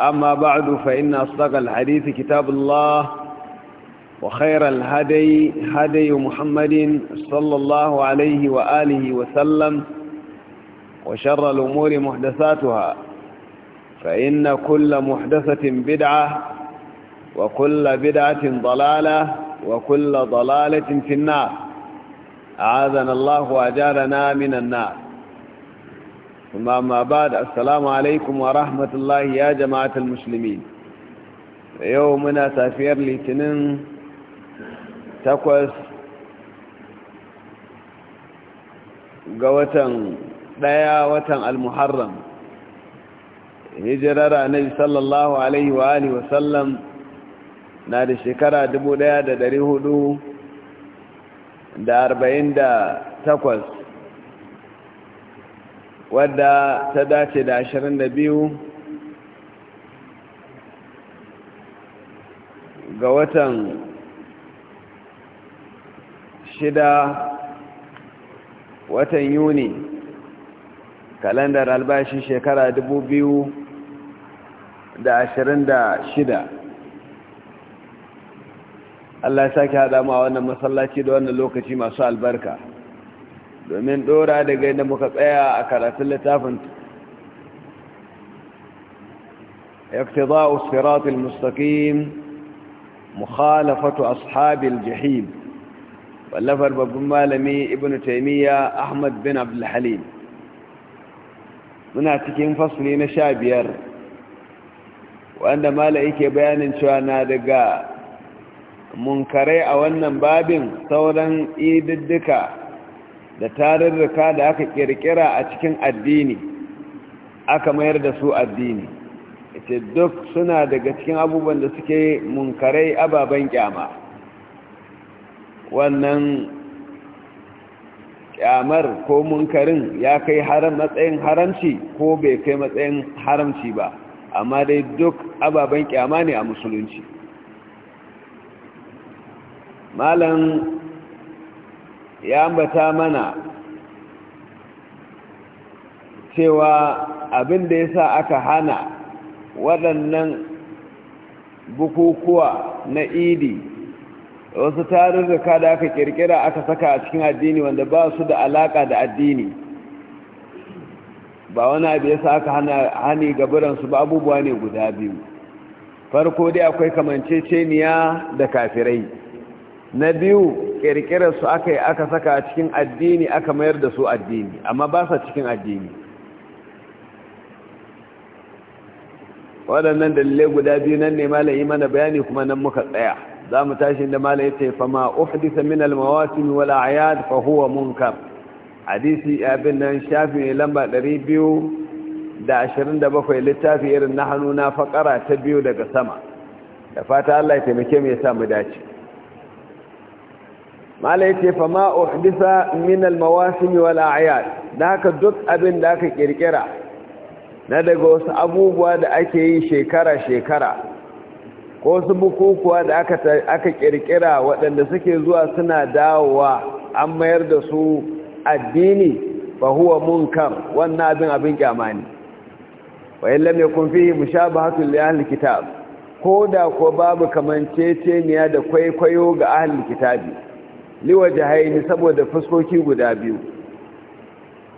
أما بعد فإن أصدق الحديث كتاب الله وخير الهدي هدي محمد صلى الله عليه وآله وسلم وشر الأمور محدثاتها فإن كل محدثة بدعة وكل بدعة ضلالة وكل ضلالة في النار أعاذنا الله وأجارنا من النار ثم أما بعد السلام عليكم ورحمة الله يا جماعة المسلمين يومنا سافير لتنين تقوس قوة daya watan al-muharram na annabi sallallahu alaihi wa alihi wasallam na da shekara 1448 wadda ta dace da ashirin da biyu ga watan shida watan yuni kalandar albashi shekara dubu biyu da ashirin da shida Allah ya sake haɗa ma wannan masallaci da wannan lokaci masu albarka domin dora daga inda muka tsaya a karatun littafin yakti za a siratul mustaƙim muhalafatu ashabil jihim wallafar babban malami ibn taimiyya ahmad bin abdulhalim suna cikin fasuli na sha biyar wanda malai ke bayanin cewa na daga Mun munkarai a wannan babin sauran ididdika da tarurruka da aka kirkira a cikin addini aka mayar da su addini ce duk suna daga cikin abubuwan da suke munkarai ababen kyama wannan kyamar ko munkarin ya kai matsayin haramci ko bai kai matsayin haramci ba amma dai duk ababen kyama ne a musulunci malam ya ambata mana cewa abin da ya sa aka hana waɗannan bukukuwa na idi wasu tarurruka da aka kirkira aka saka a cikin addini wanda ba su da alaƙa da addini ba wani abu ya sa aka hani gaburansu ba abubuwa ne guda biyu farko dai akwai kamanceceniya da kafirai na biyu ƙirƙirar su aka yi aka saka a cikin addini aka mayar da su addini amma ba sa cikin addini waɗannan dalilai guda biyu nan ne malam yi mana bayani kuma nan muka tsaya za mu tashi da malam ya ce fama uhdisa min almawasim wal a'yad fa huwa munkar hadisi abin nan shafi ne lamba 227 littafi irin na hannu na fakara ta biyu daga sama da fata Allah ya taimake mu ya sa mu dace mala yace fa ma uhdisa min al mawasim wal a'yad da haka duk abin da aka kirkira na daga wasu abubuwa da ake yi shekara shekara ko su bukukuwa da aka aka kirkira waɗanda suke zuwa suna dawowa an mayar da su addini fa huwa munkar wannan abin abin kyama ne wa mu yakun fihi mushabahatu li ahli kitab ko da ko babu kamanceceniya da kwaikwayo ga ahli kitabi liwaje haini saboda fuskoki guda biyu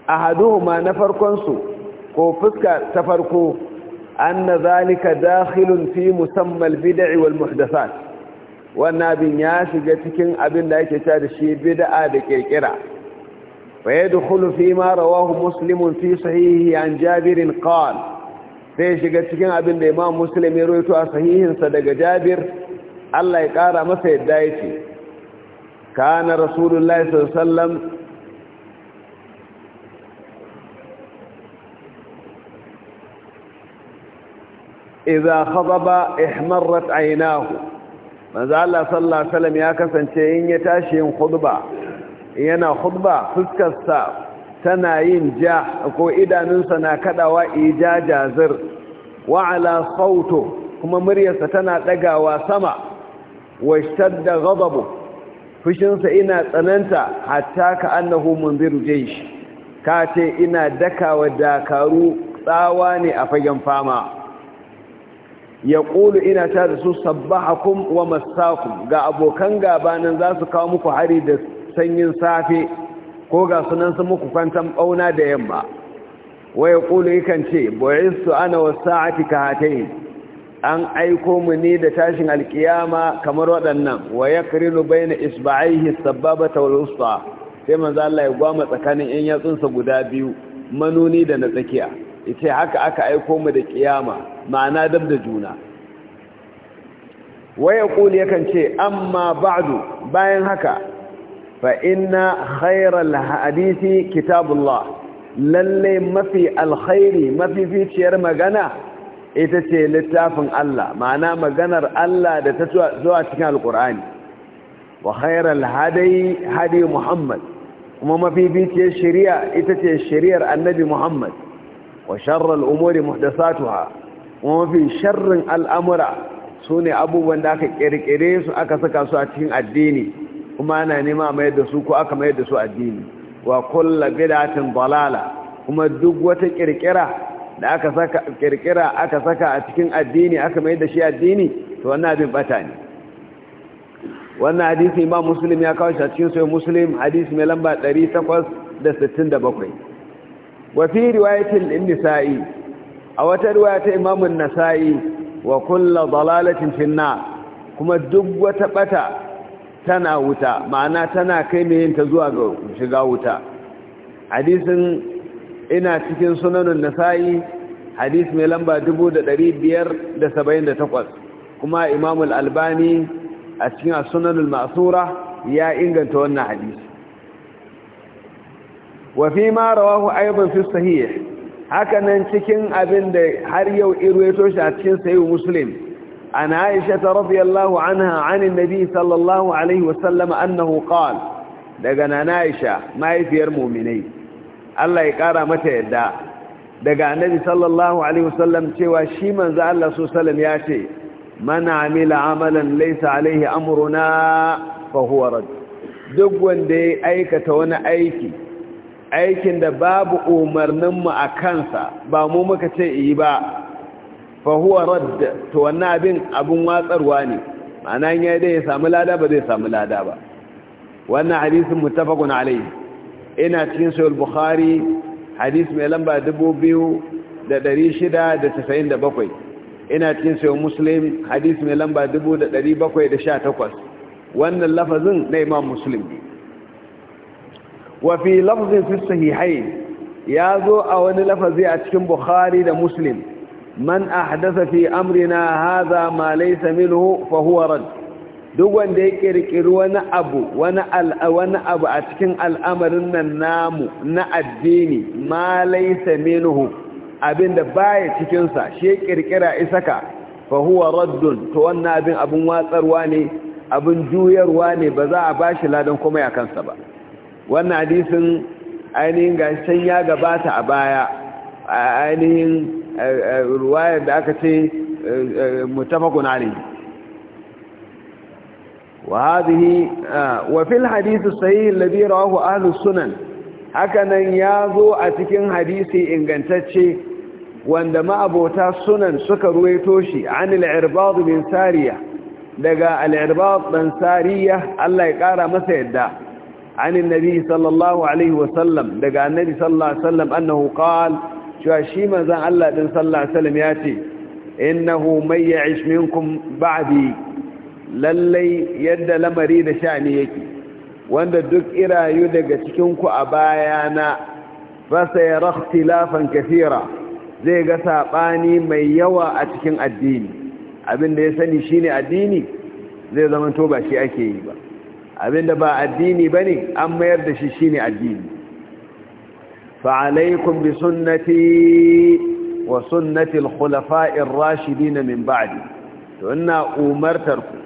a haduhuma na farkonsu ko fuska ta farko an na zalika dakhilun fi musamman bida'i wal wannan abin ya shiga cikin abin da ake cewa da shi bid'a da kirkira fa yadkhulu fi ma rawahu muslimun fi sahihi an jabir qala sai shiga cikin abin da imam muslim ya roito a sahihinsa daga jabir Allah ya ƙara masa yadda ya ce كان رسول الله صلى الله sallallahu alaihi wasallam ya kasance in ya tashi yin khutba yana khutba fuskarsa tana yin ja ko idanunsa na kadawa ijaja zir wa ala sautu kuma muryarsa tana dagawa sama wa da ghadabu fushinsa ina tsananta hatta ka annahu munziru jaysh ka ce ina dakawa dakaru tsawa ne a fagen fama ya ƙulu ina ta da su sabbahakum wa masakum ga abokan gabanin za su kawo muku hari da sanyin safe ko ga sunan su muku kwantan ɓauna da yamma wa ya ƙulu yakan ce boye su ana wasu sa'ati ka hatayin an aiko mu ne da tashin alkiyama kamar waɗannan wa ya kirilu bai na isba'aihi sababa taurusta sai manzo Allah ya gwama tsakanin yan yatsunsa guda biyu manuni da na tsakiya ita haka aka aiko mu da kiyama ma'ana dab da juna wa ya kuli yakan ce amma ba'du bayan haka fa inna khairal hadisi kitabullah lalle mafi alkhairi mafi magana ita ce littafin Allah ma'ana maganar Allah da ta zuwa cikin alkur'ani wa khairal hadayi hadi muhammad kuma mafificiyar shari'a ita ce shari'ar annabi muhammad wa sharral umuri muhdathatuha kuma mafi sharrin al'amura su ne abubuwan da aka kirkire su aka saka su a cikin addini kuma ana nema ma da su ko aka mayar da su addini wa kullu bid'atin dalala kuma duk wata kirkira da aka saka kirkira aka saka a cikin addini aka mai da shi addini to wannan abin bata ne wannan hadisi imam muslim ya kawo shi cikin sai muslim hadisi mai lamba 867 wa fi riwayatil nisa'i a wata riwaya ta imam an-nasa'i wa kullu dalalatin fi kuma duk wata bata tana wuta ma'ana tana kai mai yin ta zuwa ga shiga wuta hadisin ina cikin sunanin nasa'i hadis mai lamba 578 kuma imamul albani a cikin sunanul masura ya inganta wannan hadis wafi ma rawahu aiban fi sahih hakanan cikin abin da har yau irweto shi a cikin sahihu muslim an aisha ta radiyallahu anha anin nabi sallallahu alaihi wasallam annahu qala daga nana aisha mahaifiyar mu'minai Allah ya ƙara mata yadda daga annabi sallallahu alaihi wasallam cewa shi manzo Allah sallallahu ya ce man amila amalan laysa alaihi amruna fa huwa rad duk wanda ya aikata wani aiki aikin da babu umarnin mu kansa ba mu muka ce yi ba fa huwa rad to wannan abin abun watsarwa ne ma'ana yayin da ya samu lada ba zai samu lada ba wannan hadisin muttafaqun alaihi ina cikin sayar bukhari hadis mai lamba 2697 ina cikin sayar muslim hadis mai lamba 2718 wannan lafazin na imam muslim wa fi lafzin fi ya zo a wani lafazi a cikin bukhari da muslim man ahdasa fi amrina hadha ma laysa minhu fa huwa radd duk wanda ya kirkiri wani abu wani abu a cikin al'amarin nan namu na addini ma laisa minhu abinda baya cikin sa shi kirkira isaka fa huwa raddun to wannan abin abun watsarwa ne abin juyarwa ne ba za a bashi ladan kuma ya kansa ba wannan hadisin ainihin can ya gabata a baya ainihin eh, eh, ruwayar da aka ce eh, mutafakun alayhi وهذه وفي الحديث الصحيح الذي رواه اهل السنن hakanan yazo a cikin hadisi ingantacce wanda ma'abota sunan suka ruwaito shi an al-irbad min sariya daga al-irbad ban Allah ya kara masa yadda an annabi sallallahu alaihi wa sallam daga annabi sallallahu alaihi wa sallam annahu qala shi manzon Allah din sallallahu alaihi wa sallam ya ce innahu may ya'ish minkum ba'di lallai yadda lamari da sha'ani yake wanda duk irayu daga cikinku a bayana fasa ya lafan kafira zai ga saɓani mai yawa a cikin addini abinda ya sani ne addini zai zama to ba shi ake yi ba abinda ba addini ba ne an mayar da shi shine addini fa'alaikun bi sunnati wa sunnatil al-khulafa'ir rashidina min ba'adi to ina umartarku. ku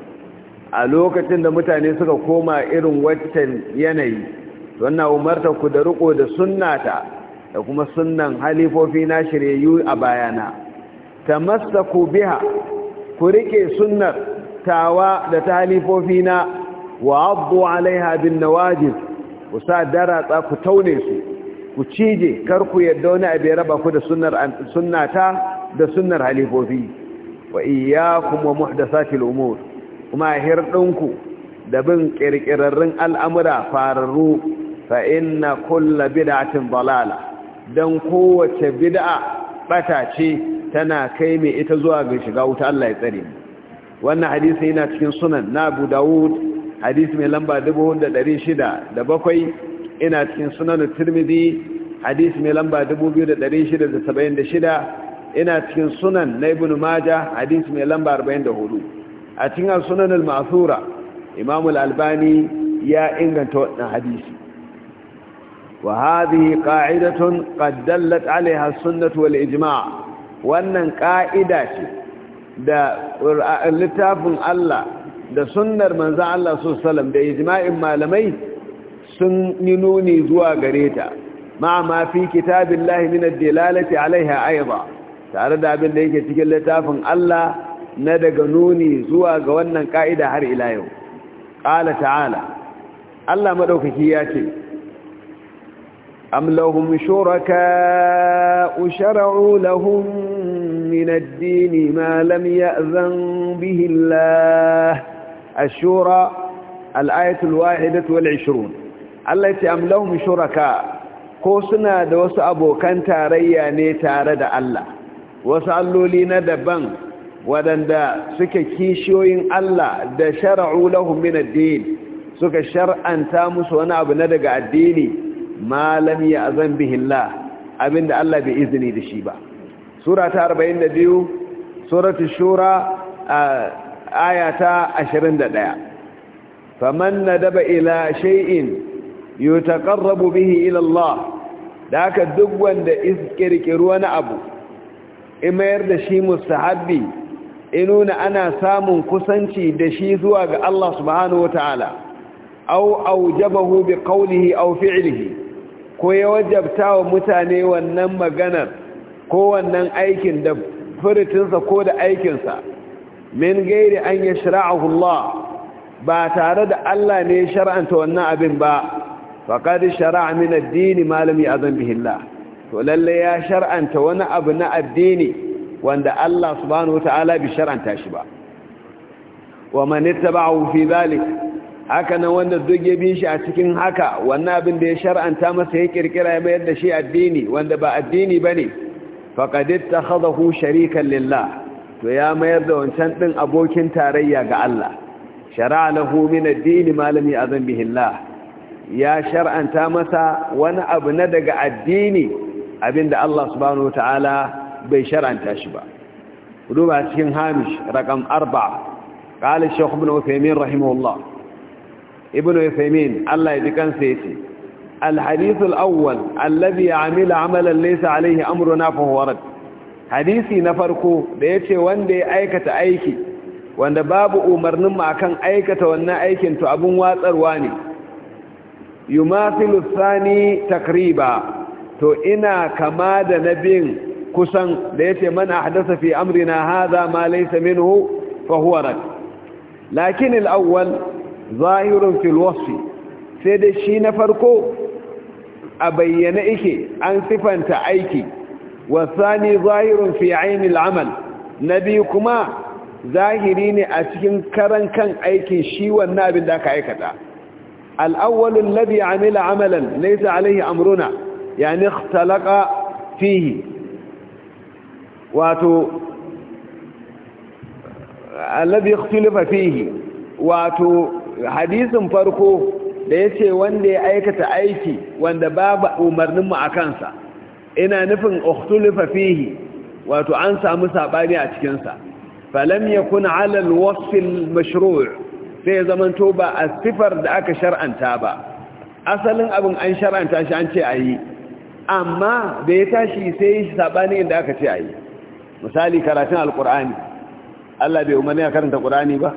a lokacin da mutane suka koma irin waccan yanayi wannan umarta ku da riko da sunnata da kuma sunnan halifofi na shiryayyu a bayana tamassaku biha ku rike sunnar tawa da ta halifofi na wa abu alaiha bin nawajib ku sa daratsa ku taune su ku cije kar ku yadda wani abu ya raba ku da sunnar sunnata da sunnar halifofi wa iyyakum wa muhdathatil umur kuma ɗinku da bin ƙirƙirarrun al'amura fararru fa’in na kulla bid'atin balala don kowace bid'a ɓata ce tana kai mai ita zuwa ga shiga wuta Allah ya tsare wannan hadisi yana cikin sunan na abu dawud hadisi mai lamba da bakwai, ina cikin sunan turmidi hadisi mai lamba 2,676 ina cikin sunan na ibn maja hadisi mai lamba 44 a cikin sunan al masura imam al-albani ya inganta wannan hadisi wa hadhihi qa'idatun qad dallat 'alayha as-sunnah wal ijma' wannan qa'ida ce da littafin Allah da sunnar manzo Allah sallallahu da ijma'in malamai sun yi nuni zuwa gare ta ma fi kitabillahi min ad-dilalati 'alayha aidan tare da abin da yake cikin littafin Allah na daga nuni zuwa ga wannan ka'ida har ila yau ƙala ta'ala Allah maɗaukaki ya ce am lahum shuraka ushara'u lahum min ad-din ma lam ya'zan bihi Allah ash-shura al-ayatu al-wahidatu wal-'ishrun Allah ya ce am lahum shuraka ko suna da wasu abokan tarayya ne tare da Allah wasu alloli na daban waɗanda suke kishiyoyin Allah da shara'u lahum min ad-din suka shar'anta musu wani abu na daga addini ma lam ya'zan bihi Allah abinda Allah bai izini da shi ba sura ta 42 suratu shura aya ta 21 faman nadaba ila shay'in yutaqarrabu bihi ila Allah da haka duk wanda iskirkiru wani abu imayar da shi mustahabbi inuna ana samun kusanci da shi zuwa ga Allah subhanahu wata'ala au aujabahu bi qawlihi aw fi'lihi ko ya wajabta wa mutane wannan maganar ko wannan aikin da furitinsa ko da aikinsa min gairi an yashra'ahu Allah ba tare da Allah ne shar'anta wannan abin ba faqad shara'a min ad-din ma lam ya'zam bihi Allah to lalle ya shar'anta wani abu na addini wanda Allah subhanahu ta'ala bi shar'anta shi ba wa man ittaba'ahu fi zalik haka nan wanda duk ya bin shi a cikin haka wannan abin da ya shar'anta masa ya kirkira ya mayar da shi addini wanda ba addini bane faqad ittakhadahu sharikan lillah to ya mayar da wancan din abokin tarayya ga Allah shar'a lahu min addini malami ma lam ya'zan bihi Allah ya shar'anta masa wani abu na daga addini abinda Allah subhanahu ta'ala. bai sharanta shi ba duba cikin hamish rakam arba قال الشيخ ابن عثيمين رحمه الله ابن عثيمين الله يذكر سيتي الحديث الأول الذي عمل عملا ليس عليه أمرنا فهو رد حديثي نفركو ديتي وان دي أيكة أيكي وان باب أمرنم أكان أيكة وان أيكي انتو أبو واتر واني يماثل الثاني تقريبا تو إنا كماد نبين kusan da yace mana ahdasa fi amrina haza ma laysa minhu fa huwa rad lakin al-awwal zahirun fil wasf sai dai shi na farko a bayyana yake an sifanta aiki wasani zahirun fi ainil amal na biyu kuma zahiri ne a cikin karan kan aikin shi wannan abin da aka aikata al'awwalin labi amila amalan laisa alaihi amruna yani ikhtalaqa fihi wato alladhi ikhtalafa fihi wato hadisin farko da yace wanda ya aikata aiki wanda babu umarnin mu akansa ina nufin ikhtalafa fihi wato an samu sabani a cikin sa falam yakun ala alwasf almashru' sai zaman to ba sifar da aka shar'anta ba asalin abin an shar'anta shi an ce ayi amma da ya tashi sai sabani inda aka ce ayi misali karatun alkur'ani Allah bai umarni a karanta ƙur'ani ba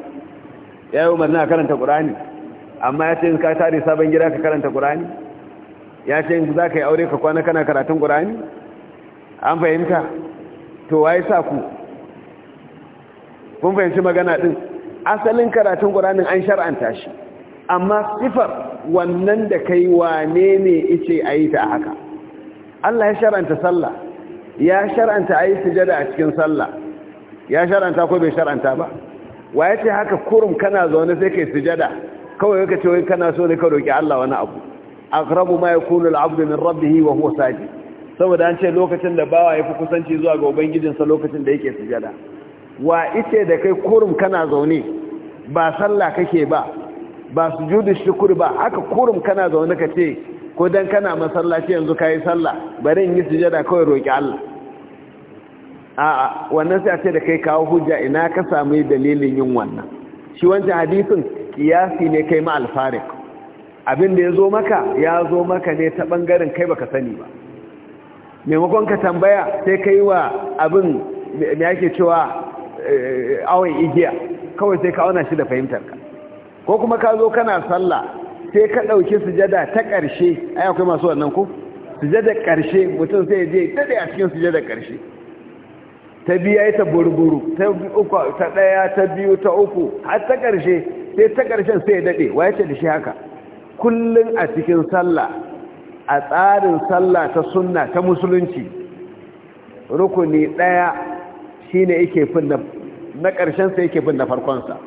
ya yi umarni a karanta ƙur'ani amma ya ce in ka tare sabon gida ka karanta ƙur'ani ya ce in za ka yi aure ka kwana kana karatun ƙur'ani an fahimta to waye sa ku kun fahimci magana ɗin asalin karatun ƙur'anin an shar'anta shi amma sifar wannan da kai wane ne ita a yi ta haka Allah ya shar'anta sallah ya shar'anta a yi sujada a cikin sallah ya shar'anta ko bai shar'anta ba wa ya ce haka kurum kana zaune sai kai sujada kawai yaka ce wai kana so ne ka roƙi Allah wani abu aqrabu ma yakunu al-'abdu min rabbihi wa huwa sajid saboda an ce lokacin da bawa yafi kusanci zuwa ga ubangijinsa lokacin da yake sujada wa ice da kai kurum kana zaune ba sallah kake ba ba sujudu shukr ba haka kurum kana zaune ka ce ko dan kana masallaci yanzu kai sallah bari in yi sujada kawai roƙi Allah a'a wannan sai a ce da kai kawo hujja ina ka sami dalilin yin wannan shi wancan hadisin kiyasi ne kai ma alfarik abin da ya zo maka ya zo maka ne ta bangaren kai baka sani ba maimakon ka tambaya sai kai wa abin me ake cewa eh, awon igiya kawai sai ka auna shi da ka ko kuma ka zo kana sallah sai ka ɗauki sujada ta ƙarshe ai akwai masu wannan ku sujada ƙarshe mutum sai je daɗe a cikin sujada ƙarshe ta biya ta burburu ta uku ta daya ta biyu ta uku har ta karshe sai ta karshen sai ya dade waye ce da shi haka kullun a cikin sallah a tsarin sallah ta sunna ta musulunci rukuni daya shine yake fin na na karshen sa yake fin na farkon sa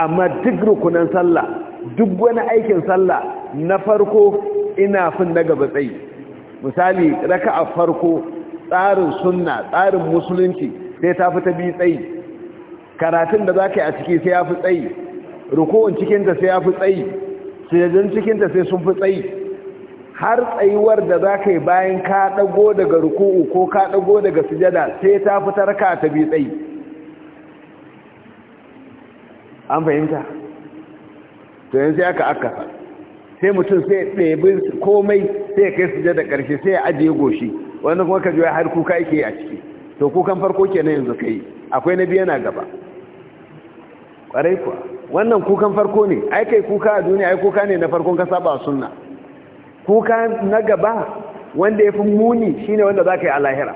amma duk rukunin sallah duk wani aikin sallah na farko ina fin na gaba tsayi misali raka'a farko tsarin sunna tsarin musulunci sai ta fi ta bi tsayi karatun da za ka yi a ciki sai ya fi tsayi rukun cikinta sai ya fi tsayi sujajin cikinta sai sun fi tsayi har tsayuwar da za ka yi bayan ka ɗago daga ruku'u ko ka ɗago daga sujada sai ta fi tarka ta bi tsayi an fahimta to yanzu aka sai mutum sai ɗaya komai sai ya kai sujada ƙarshe sai ya ajiye goshi wani kuma ka juya har kuka yake a ciki to kukan farko kenan yanzu kai akwai na biya na gaba kwarai kuwa wannan kukan farko ne ai kai kuka a duniya ai kuka ne na farkon ka saba sunna kuka na gaba wanda ya fi muni shine wanda za ka yi a lahira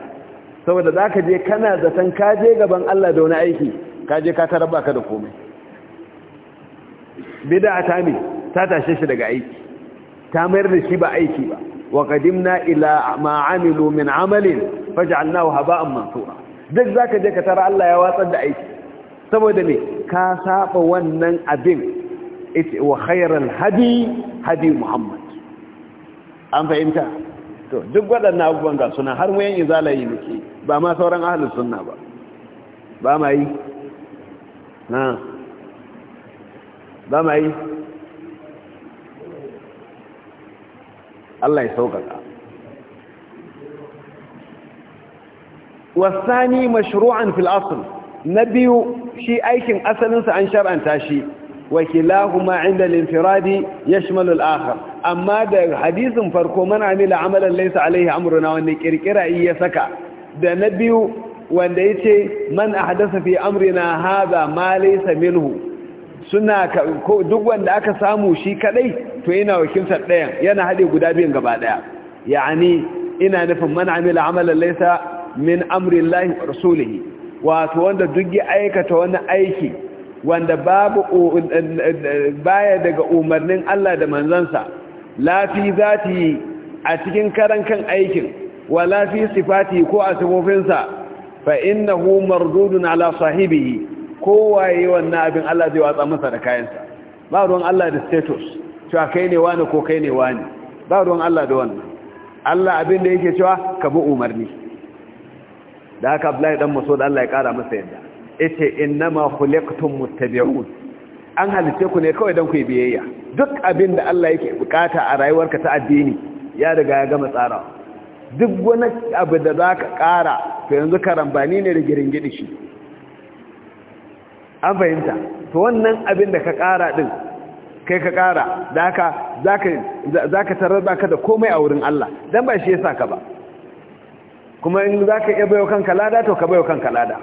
saboda za ka je kana zaton ka je gaban Allah da wani aiki ka je ka taraba ka da komai bida ta ne ta tashe shi daga aiki ta mayar da shi ba aiki ba وقدمنا إلى ما عملوا من عمل فجعلناه هباء منثورا duk za ka je ka tara Allah ya watsar da aiki saboda ne ka saba wannan abin ita wa khairal hadi hadi Muhammad an fahimta to duk waɗannan abubuwan ga suna har wayan izalayi muke ba ma sauran ahlus sunna ba ba ma yi na ba ma yi Allah ya saukaka. Wasani mashru'an fil na biyu shi aikin asalinsa an shar'anta shi wakila kuma inda linfiradi ya shimalul amma da hadisin farko mana nila amalan laisa alaihi amruna wanda kirkira yi ya saka da na biyu wanda ya ce man ahdasa fi amrina hadha ma laysa minhu suna duk wanda aka samu shi kadai to yana wakiltar ɗayan yana haɗe guda biyan gaba ɗaya ya'ani ina nufin man amila amalan laysa min amri llahi wa rasulihi wato wanda duk ya aikata wani aiki wanda babu baya daga umarnin Allah da manzansa la fi yi a cikin karan kan aikin wala fi sifati ko a sifofinsa fa innahu mardudun ala sahibihi kowaye wannan abin Allah zai watsa masa da kayansa ba ruwan Allah da status cewa kai ne wani ko kai ne wani ba ruwan Allah da wannan Allah abin da yake cewa ka bi umarni da haka Abdullahi dan Mas'ud Allah ya kara masa yadda yace innama khuliqtum muttabi'un an halice ku ne kawai dan ku biyayya duk abin da Allah yake bukata a rayuwarka ta addini ya riga ya gama tsara. duk wani abu da zaka kara to yanzu karambani ne da giringidi shi an fahimta to wannan abin da ka kara din kai ka kara daka zaka za ka tarar baka da komai a wurin Allah don ba shi ya ka ba kuma in za ka iya bayo kanka lada to ka bayo kanka lada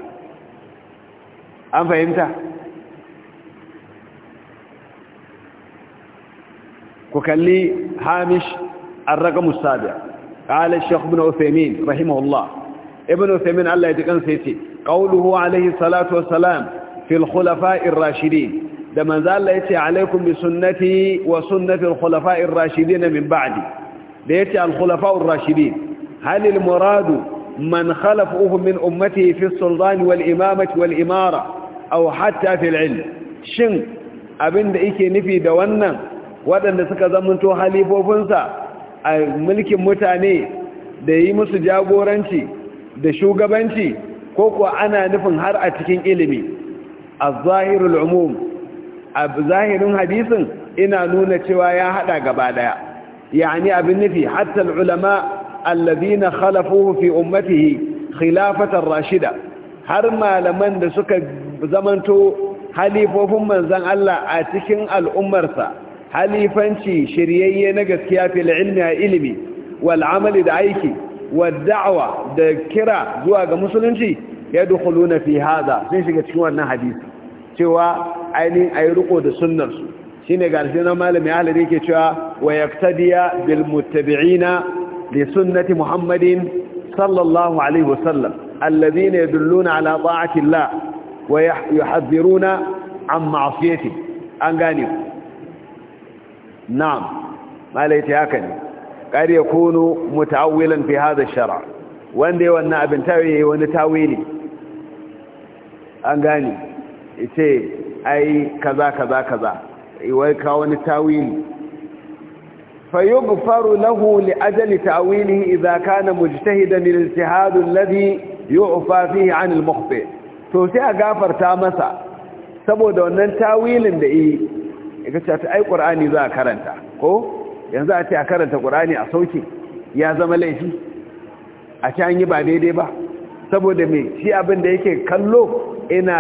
an fahimta ku kalli hamish الرقم السابع قال الشيخ ابن عثيمين رحمه الله allah ya ji يتقن سيتي قوله عليه الصلاة والسلام fil khulafa'ir rashidin da manzo Allah yace alaikum bi sunnati wa sunnati al khulafa'ir rashidin min ba'di da yace al khulafa'ur rashidin hal al murad man khalafuhu min ummati fi sultan wal imamati wal imara aw hatta fi al ilm shin abinda yake nufi da wannan waɗanda suka zamanto halifofinsa a mulkin mutane da yi musu jagoranci da shugabanci ko kuwa ana nufin har a cikin ilimi az-zahirul umum zahirin hadisin ina nuna cewa ya hada gaba daya yani abin nufi hatta ulama alladhina khalafuhu fi ummatihi khilafatan rashida har malaman da suka zamanto halifofin manzon Allah a cikin al'ummarsa halifanci shiryayye na gaskiya fil ilmi a ilimi wal amali da aiki wad da'wa da kira zuwa ga musulunci yadkhuluna fi haza sun shiga cikin wannan hadisi cewa ainihin a yi riko da sunnarsu shi ne garfi na malami halar yake cewa wa yaktadiya bil mutabi'ina li sunnati muhammadin sallallahu alaihi wasallam allazina yadulluna ala ta'atillah wa yuhadhiruna an ma'asiyati an gani ku na'am malai ta haka ne kar ya kunu muta'awwilan fi hadha shara wanda ya wannan abin tawaye wani tawili an gani. ce ai kaza kaza kaza wai ka wani tawili فيغفر tawilihi idza kana mujtahidan lil ijtihad alladhi yu'fa fihi an al المخطئ to sai a gafarta masa saboda wannan tawilin da yi ga cewa ai qur'ani za karanta ko yanzu a ce a karanta qur'ani a sauki ya zama laifi a ci an yi ba daidai ba saboda me shi abin da yake kallo ina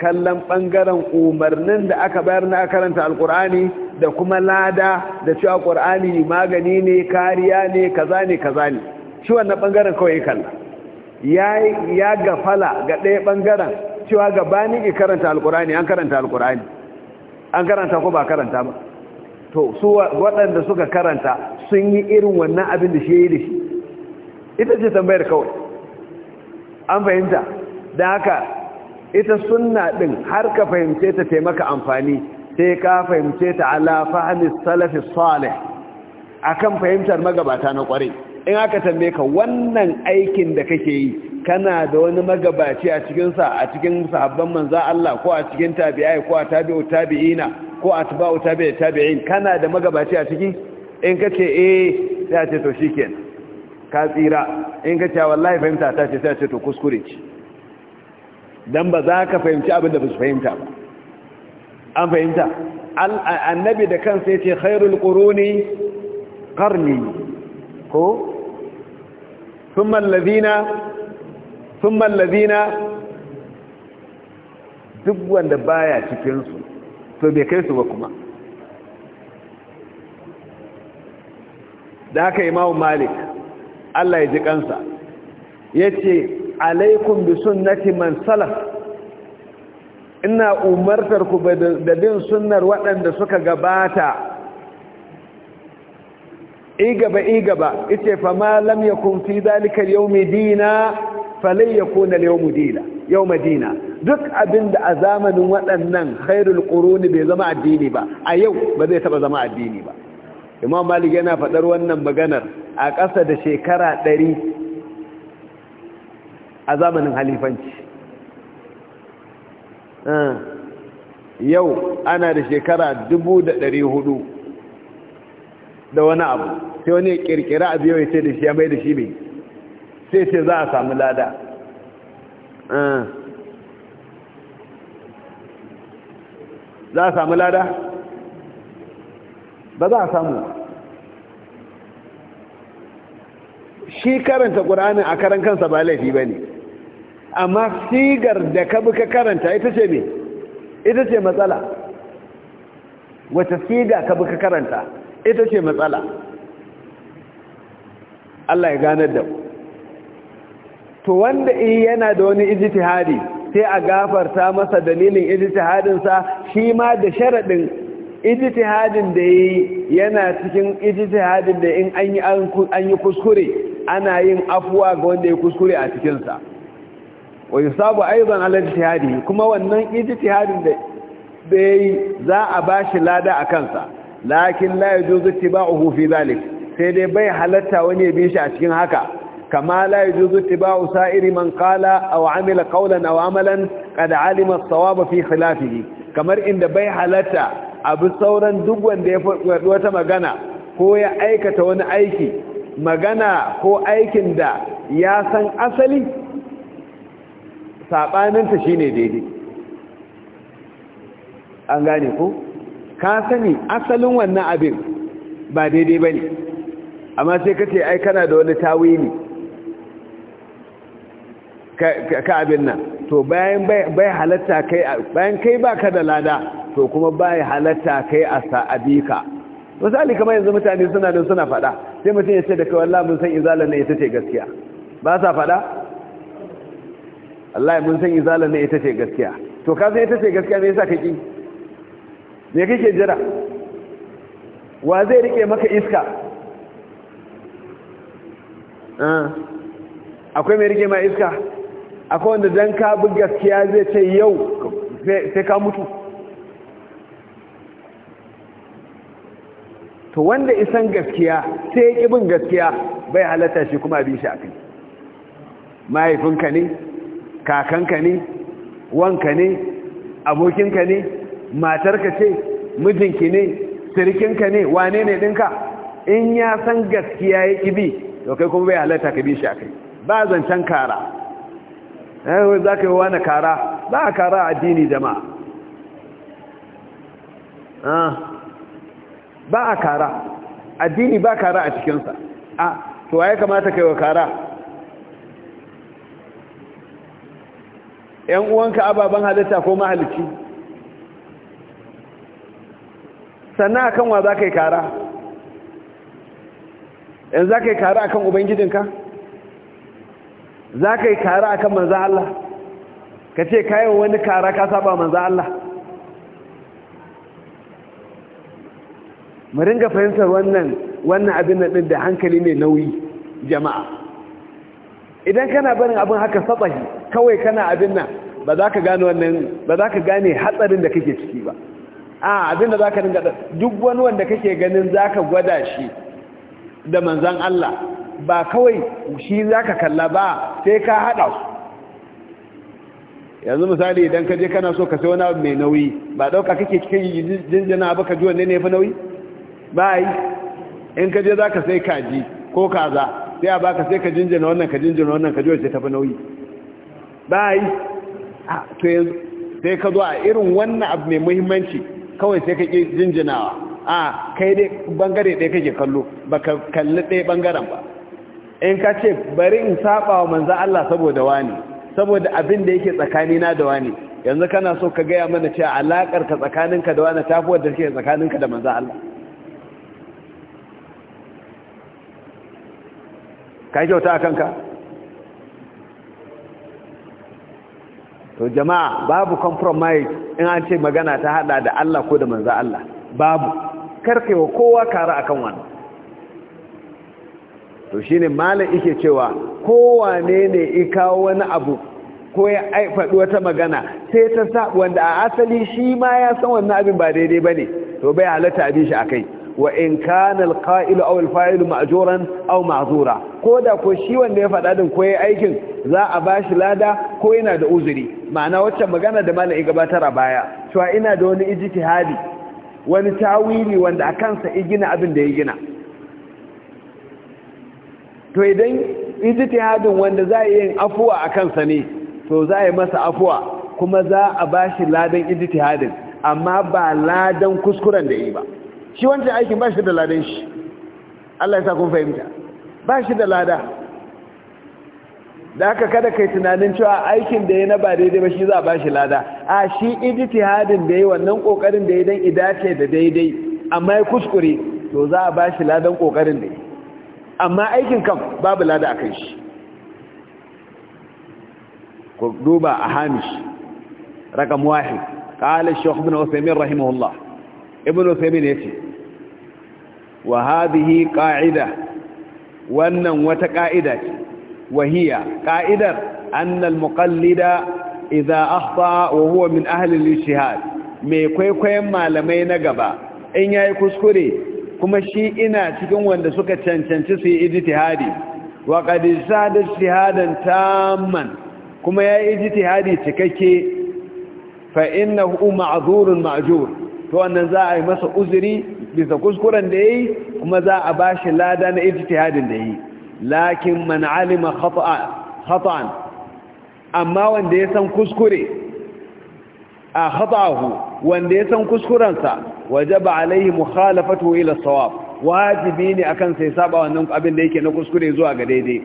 kallon ɓangaren umarnin da aka bayar na karanta alkur'ani da kuma lada da cewa ƙur'ani magani ne kariya ne kaza ne kaza ne shi wannan ɓangaren kawai kalla ya gafala ga ɗaya ɓangaren cewa gabani ke karanta alkur'ani an karanta alkur'ani an karanta ko ba karanta ba to su waɗanda suka karanta sun yi irin wannan abin da shi ya yi da shi ita ce tambayar kawai an fahimta da haka ita sunna din har ka fahimce ta taimaka amfani sai ka fahimce ta ala fahmi salafi salih akan fahimtar magabata na kware in aka tambaye ka wannan aikin da kake yi kana da wani magabaci a cikin sa a cikin sahabban manzo Allah ko a cikin tabi'i ko a tabi'u tabi'ina ko a tabi'u tabi'i tabi'in kana da magabaci a ciki in kace eh sai a ce to shikenan ka tsira in kace wallahi fahimta ta ce sai a ce to kuskure ce don ba za ka fahimci abin da ba su fahimta ba an fahimta annabi da kansa ya ce khairul ƙoroni ƙarni ko sun mallazina duk wanda baya cikinsu to bai kai su ba kuma da haka imamu malik allah ya ji kansa ya ce alaikum bi sunnati man salaf ina umartar ku da bin sunnar waɗanda suka gabata igaba igaba ita fa ma lam yakun fi dalika al-yawmi dina falai yakuna al dina dina duk abinda a zamanin waɗannan khairul quruni bai zama addini ba a yau ba zai taba zama addini ba imam malik yana faɗar wannan maganar a ƙasa da shekara ɗari a zamanin halifanci ah, yau ana da shekara dubu da ɗari hudu da wani abu sai wani ya kirkira abu yau ya ce da shi ya mai da shi mai sai ce za a samu lada ah, za a samu lada ba za a samu shi karanta ƙura'anin a karan kansa ba laifi ba ne amma sigar da ka bi ka karanta ita ce ne, ita ce matsala wata siga ka bi ka karanta ita ce matsala Allah ya ganar da to wanda in yana da wani ijtihadi sai a gafarta masa dalilin ijtihadin sa shi ma da sharadin ijtihadin da yi yana cikin ijtihadin da in an yi an yi kuskure ana yin afuwa ga wanda ya kuskure a cikin sa wa yusabu aidan ala ijtihadi kuma wannan ijtihadin da bai za a bashi lada a kansa lakin la yajuzu tiba'uhu fi zalik sai dai bai halatta wani ya bi shi a cikin haka kama la yajuzu tiba'u sa'iri man qala aw amila qawlan aw amalan qad alima as-sawaba fi khilafihi kamar inda bai halatta abu sauran duk wanda ya wata magana ko ya aikata wani aiki magana ko aikin da ya san asali saɓaninta shi ne daidai an gane ko ka sani asalin wannan abin ba daidai ba ne amma sai ka ce ai kana da wani tawili ka abin nan to bayan bai halatta kai bayan kai baka da lada to kuma bai halatta kai a sa'adika misali kamar yanzu mutane suna nan suna fada sai mutum ya ce da kai wallahi mun san izala ne ita ce gaskiya ba sa fada Allah mun san izala ne ita ce gaskiya to ka san ita ce gaskiya me yasa kake me kake jira wa zai rike maka iska ah. akwai mai rike ma iska akwai wanda dan ka bi gaskiya zai ce yau sai ka mutu to wanda isan gaskiya sai ya ƙi bin gaskiya bai halatta shi kuma abin shi akai mahaifinka ne kakanka ne wanka ne abokinka ne matarka ce mijinki ne sirikinka ne wane ne ɗinka in ya san gaskiya ya bi, to kai kuma bai halatta ka bi shi a kai ba zancen kara yawon eh, za ka yi wani kara ba a kara a addini jama'a ah, ba a kara addini ba kara a cikinsa a ah, to ya kamata kai wa kara ‘yan uwanka ababen halitta ko mahalicci sannan akan wa za ka yi kara ‘yan za ka yi kara akan ubangijinka za ka yi kara akan manza Allah ka ce kayan wani kara ka saba manza Allah mu ringa fahimtar wannan abin da hankali mai nauyi jama'a idan kana barin abin haka satsahi kawai kana abin nan ba za ka gane wannan ba za ka gane hatsarin da kake ciki ba a abin da za ka ringa duk wani wanda kake ganin za ka gwada shi da manzan Allah ba kawai shi za ka kalla ba sai ka haɗa su yanzu misali idan ka je kana so ka sai wani abu mai nauyi ba ɗauka kake cikin jinjina ba ka ji wanne ne fi nauyi ba yi in ka je za ka sai kaji ko kaza sai a baka sai ka jinjina wannan ka jinjina wannan ka jiwace tafi nauyi bayi a to yanzu sai ka zo a irin wannan abu mai muhimmanci kawai sai ka ƙi jinjinawa a kai dai bangare ɗaya kake kallo ba ka kalli ɗaya bangaren ba in ka ce bari in saba wa manzan Allah saboda wani saboda abin da yake tsakanina da wani yanzu kana so ka gaya mana cewa alaƙar ka tsakaninka da wani tafi wadda ke tsakaninka da manzan Allah ka kyauta a kanka to jama'a babu compromise in an ce magana ta hada da Allah ko da manzo Allah babu karkewa kowa kara akan wani, to shine malam yake cewa wane ne i kawo wani abu ko ya faɗi wata magana sai ta sa wanda a asali shi ma ya san wannan abin ba daidai bane to bai halatta abin shi akai wa in kana alqa'ilu aw alfa'ilu ma'juran aw ko da ko shi wanda ya fada din ko yayi aikin za a bashi lada ko yana da uzuri ma'ana wacce magana da malai gabatar a baya cewa ina da wani ijtihadi wani tawili wanda a kansa igina abin da ya gina to idan ijtihadin wanda za a yin afuwa a kansa ne to za a yi masa afuwa kuma za a bashi ladan ijtihadin amma ba ladan kuskuren da yi ba shi wancan aikin ba shi da ladan shi Allah ya sa kun fahimta ba shi da lada da aka kada kai tunanin cewa aikin da ya na ba daidai ba shi za a ba shi lada a shi ijtihadin da ya wannan kokarin da ya dan idace da daidai amma ya kuskure to za a ba shi ladan kokarin da ya amma aikin kam babu lada a kai shi ku duba a hamish rakam wahid qala shaykh ibn usaymin rahimahullah ibn usaimin ya ce wa hadhihi qa'ida wannan wata qa'ida ce wahiya qa'idar anna al-muqallida idza akhta wa huwa min ahli al-ijtihad mai kwaikwayon malamai na gaba in yayi kuskure kuma shi ina cikin wanda suka cancanci su ijtihadi wa qad ijtahada ijtihadan tamman kuma yayi ijtihadi cikakke fa innahu ma'zurun ma'jur to wannan za a yi masa uzuri bisa kuskuren da yi kuma za a ba shi lada na ijtihadin da yi. lakin man alima khata'an amma wanda ya san kuskure a khata'ahu wanda ya san kuskurensa waje ba alaihi mukhalafatu ila sawab wajibi ne akan sai saba wannan abin da yake na kuskure zuwa ga daidai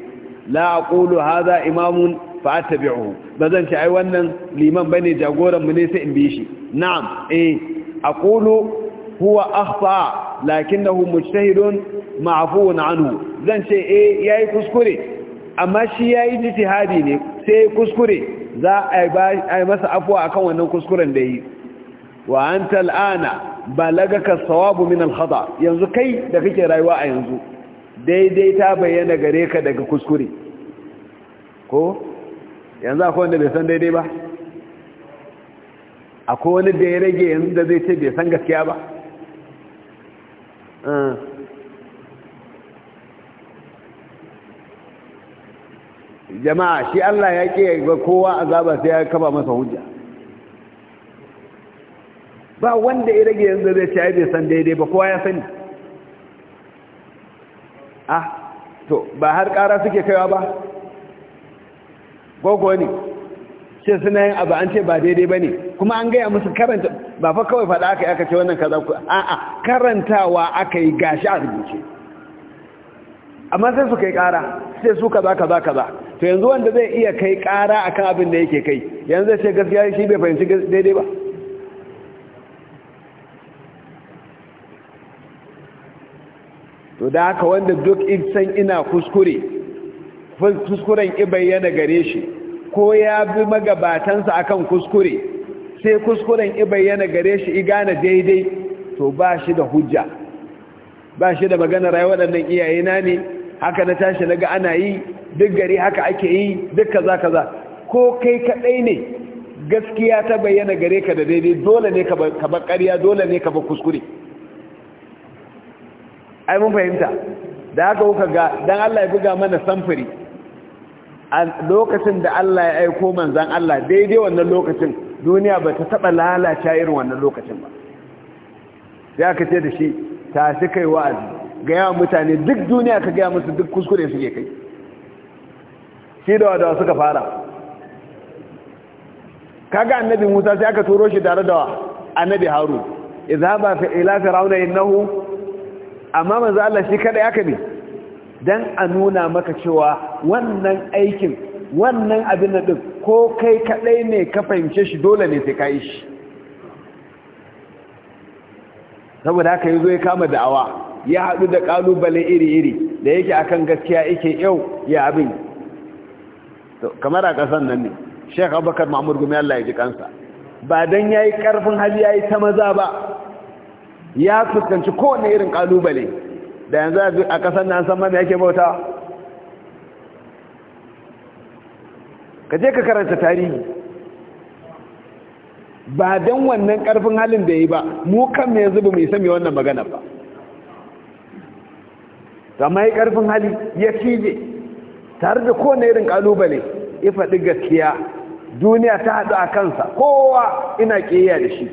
la aqulu hadha imamun fa attabi'uhu bazan ci ai wannan liman bane jagoran mu ne sai in bi shi na'am eh aqulu huwa akhta lakinnahu mujtahidun ma'fuun anhu zan ce eh yayi kuskure amma shi yayi jitihadi ne sai kuskure za a yi masa afwa akan wannan kuskuren da ya yi wa anta al'ana balagaka sawabu min al yanzu kai da kake rayuwa a yanzu daidai ta bayyana gareka daga kuskure ko yanzu akwai wanda bai san daidai ba akwai wani da ya rage yanzu da zai ce bai san gaskiya ba ah. jama'a shi Allah ya ke ga kowa azaba sai ya kaba masa hujja ba wanda ya rage yanzu zai ce bai san daidai ba kowa ya sani ah to ba har ƙara suke kaiwa ba ko ne sai suna yin abu an ce ba daidai ba ne kuma an gaya musu karanta ba fa kawai faɗa aka yi aka ce wannan kaza ku a'a karantawa aka yi gashi a rubuce amma sai su kai ƙara sai su kaza kaza kaza to yanzu wanda zai iya kai ƙara akan abin da yake kai yanzu zai ce gaskiya shi bai fahimci daidai ba to da haka wanda duk in san ina kuskure kuskuren ibayyana gare shi ko ya bi magabatansa akan kuskure sai kuskuren i bayyana gare shi i gane daidai to ba shi da hujja ba shi da magana rayu waɗannan iyaye na ne haka na tashi naga ana yi duk gari haka ake yi duk kaza kaza ko kai kaɗai ne gaskiya ta bayyana gare ka da daidai dole ne ka ba ƙarya dole ne ka ba kuskure ai mun fahimta da haka kuka ga dan Allah ya buga mana samfuri lokacin da Allah ya aiko manzan Allah daidai wannan lokacin duniya ba ta taɓa lalata irin wannan lokacin ba ya ka ce da shi ta shi kai wa'azi gaya mutane duk duniya ka gaya musu duk kuskure suke kai shi da wadawa suka fara kaga annabi musa sai aka turo shi tare da annabi haru ba fi ila fir'auna innahu amma manzo Allah shi kada ya ne don a nuna maka cewa wannan aikin wannan abin da duk ko kai kaɗai ne ka fahimce shi dole ne sai ka yi shi saboda haka yi zo ya kama da'awa ya haɗu da ƙalubale iri-iri da yake akan gaskiya yake yau ya abin kamar a ƙasan nan ne Sheikh abubakar mahmud gumi allah ya ji kansa ba don ya yi ƙarfin hali ya yi ta maza ba ya fuskanci kowane irin ƙalubale da yanzu a kasar nan san mana yake bauta ka je ka karanta tarihi ba dan wannan karfin halin da yi ba mu kan mai yanzu ba mu wannan magana ba zama ya karfin hali ya cije tare da kowane irin kalubale ya faɗi gaskiya duniya ta haɗu a kansa kowa ina ƙiyayya da shi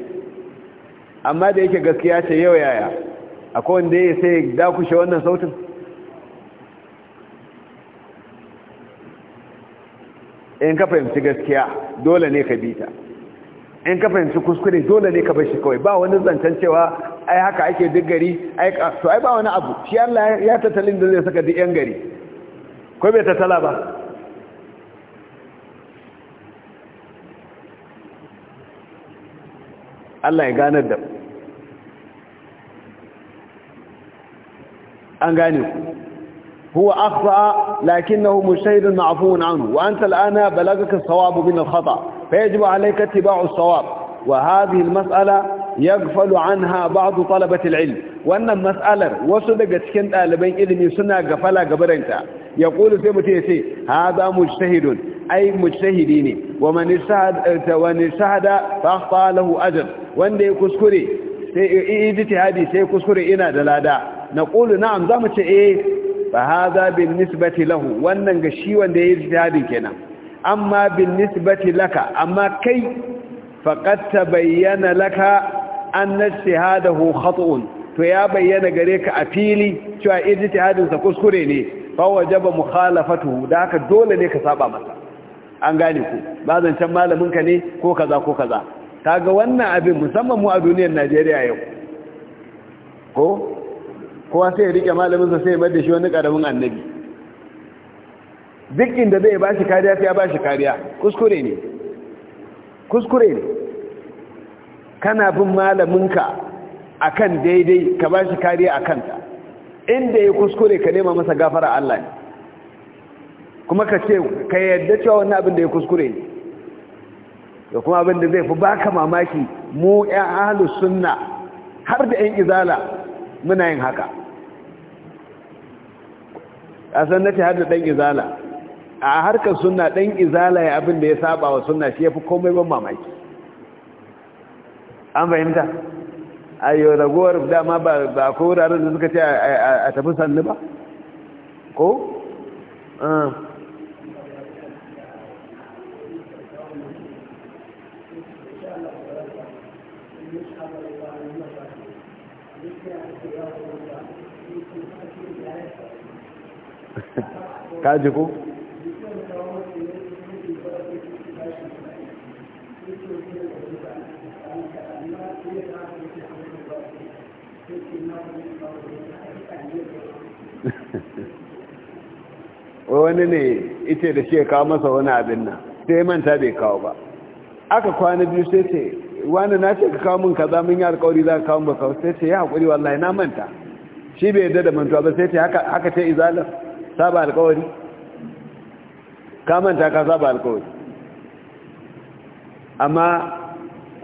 amma da yake gaskiya ce yau yaya akwai wanda ya sai dakushe wannan sautin in ka fahimci gaskiya dole ne ka bita in ka fahimci kuskure dole ne ka bashi kawai ba wani zancen cewa ai haka ake duk gari to ai ba wani abu shi Allah ya tattalin da zai saka duk yan gari ko bai tattala ba Allah ya ganar da mu أنغاني هو أخطأ لكنه مشهد معفو عنه وأنت الآن بلغك الصواب من الخطأ فيجب عليك اتباع الصواب وهذه المسألة يغفل عنها بعض طلبة العلم وأن المسألة وصدقت كنت لبين إذن يسنى غفلا قبرنك يقول في سي هذا مجتهد أي مجتهدين ومن اجتهد ومن الشهد فأخطأ له أجر وأن يكسكري سيئي هذه سيكسكري إنا دلادا Na ƙulu na'am mu ce eh ha za bin nisbati lahu wannan ga shi wanda yi jihadin kenan amma bin nisbati laka amma kai faƙatta bayyana laka an jihada ijtihadahu khata'un to ya bayyana gare ka a fili cewa yi jihadinsa kuskure ne fa wajaba halafatu da haka dole ne ka saba masa an gane ku ba zancen malamin ka ne ko kaza ko kaza ga wannan abin musamman mu a duniyar Najeriya yau ko kowa sai ya rike malaminsa sai ya da shi wani ƙaramin annabi duk inda zai ba shi kariya sai ya ba shi kariya kuskure ne kuskure ne kana bin malaminka akan daidai ka ba shi kariya a kanta inda ya kuskure ka nema masa gafara Allah ne kuma ka ce ka yadda cewa wannan abin da ya kuskure ne da kuma abin da zai fi baka mamaki mu 'yan ahalus sunna har da 'yan izala muna yin haka a san nace har da dan izala a harkar sunna dan izala ya abin da ya saba wa sunna shi yafi komai ban mamaki an fahimta ayo ragowar dama ba ba ko wuraren da suka ce a tafi sannu ba ko ah. kaji ko wani ne ita da shi kawo masa wani abin nan sai manta bai kawo ba aka kwana biyu sai ce wani na ce ka kawo min kaza mun yi alkawari za ka kawo mun ba kawo sai ce ya haƙuri wallahi na manta shi bai yarda da mantuwa ba sai ce haka ce izalar saba alkawari kamanta ka saba alkawari amma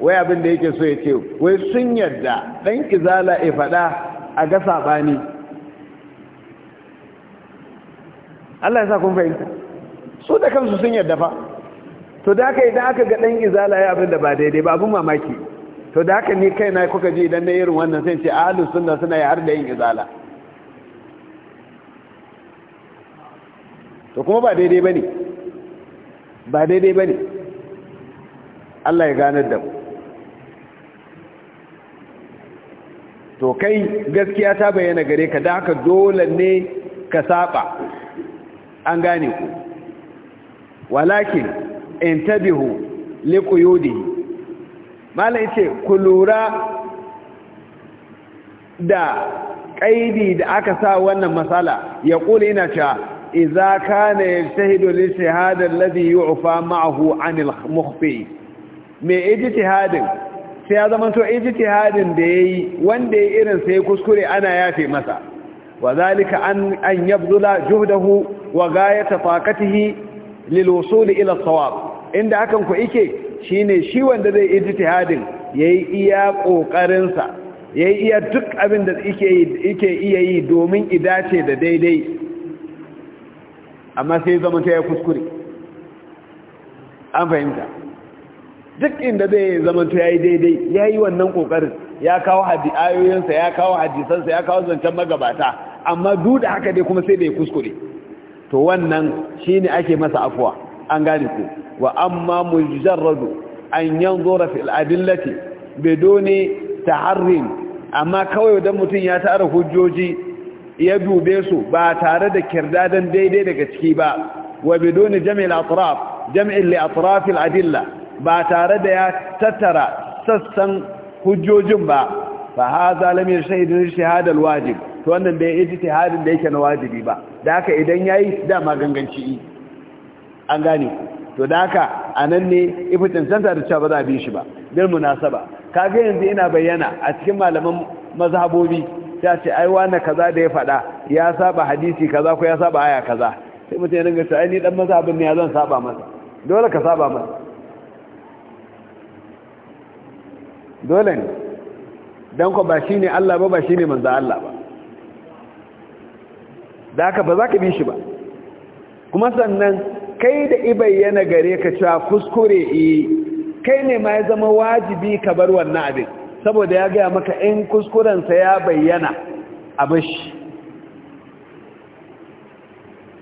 wai abin da yake so ya ce wai sun yarda ɗan izala ya faɗa a ga saɓani Allah ya sa kun fahimta su da kansu sun yarda fa to da haka idan aka ga ɗan izala ya abin da ba daidai ba abin mamaki to da haka ni kaina kuka ji idan na irin wannan sai ce ahalus sunna suna har da yin izala to kuma ba daidai ba ne ba daidai ba ne allah ya ganar da mu to kai gaskiya ta bayyana gare ka da haka dole ne ka saba an gane ku walakin intabihu liquyudihi malai ce ku lura da kaidi da aka sa wannan masala ya kula ina cewa idza kana yajtahidu li shahada alladhi yu'fa ma'ahu 'anil mukhfi me ijtihadin sai ya zama to ijtihadin da yayi wanda yayi irin sai kuskure ana yafe masa wazalika an an yabdula juhdahu wa ghayata taqatihi lil wusul ila as inda hakan ku yake shine shi wanda zai ijtihadin yayi iya kokarin sa yayi iya duk abin da iya yi domin idace da daidai amma sai zama ta ya kuskure an fahimta duk inda zai zama ta ya yi daidai ya yi wannan kokarin ya kawo ayoyinsa ya kawo hadisansa ya kawo zancen magabata amma duda da haka dai kuma sai da ya kuskure to wannan shine ake masa afuwa an gane ku wa amma mujarradu an yanzura fil adillati ta harin amma kawai idan mutum ya tara hujjoji ya dube su ba tare da kirdadan daidai daga ciki ba wa biduni jami'il atraf jami'il li atrafil adilla ba tare da ya tattara sassan hujjojin ba fa hadha lam yashhad shahad alwajib to wannan bai yi ijtihadin da yake na wajibi ba da haka idan yayi dama ganganci an gane to da haka anan ne ifitin cancanta da cewa ba za a bi shi ba bil munasaba kaga yanzu ina bayyana a cikin malaman mazhabobi ta ce ai wani kaza da ya faɗa ya saba hadisi kaza ko ya saba aya kaza sai mutum ya dinga ce ai ni dan abin ne ya zan saba masa dole ka saba masa dole ne don ku ba shi ne Allah ba ba shi ne manzan Allah ba da haka ba za ka bi shi ba kuma sannan kai da bayyana gare ka cewa kuskure yi eh, kai ne ma ya zama wajibi ka bar wannan abin saboda ya gaya maka in kuskurensa ya bayyana a mashi.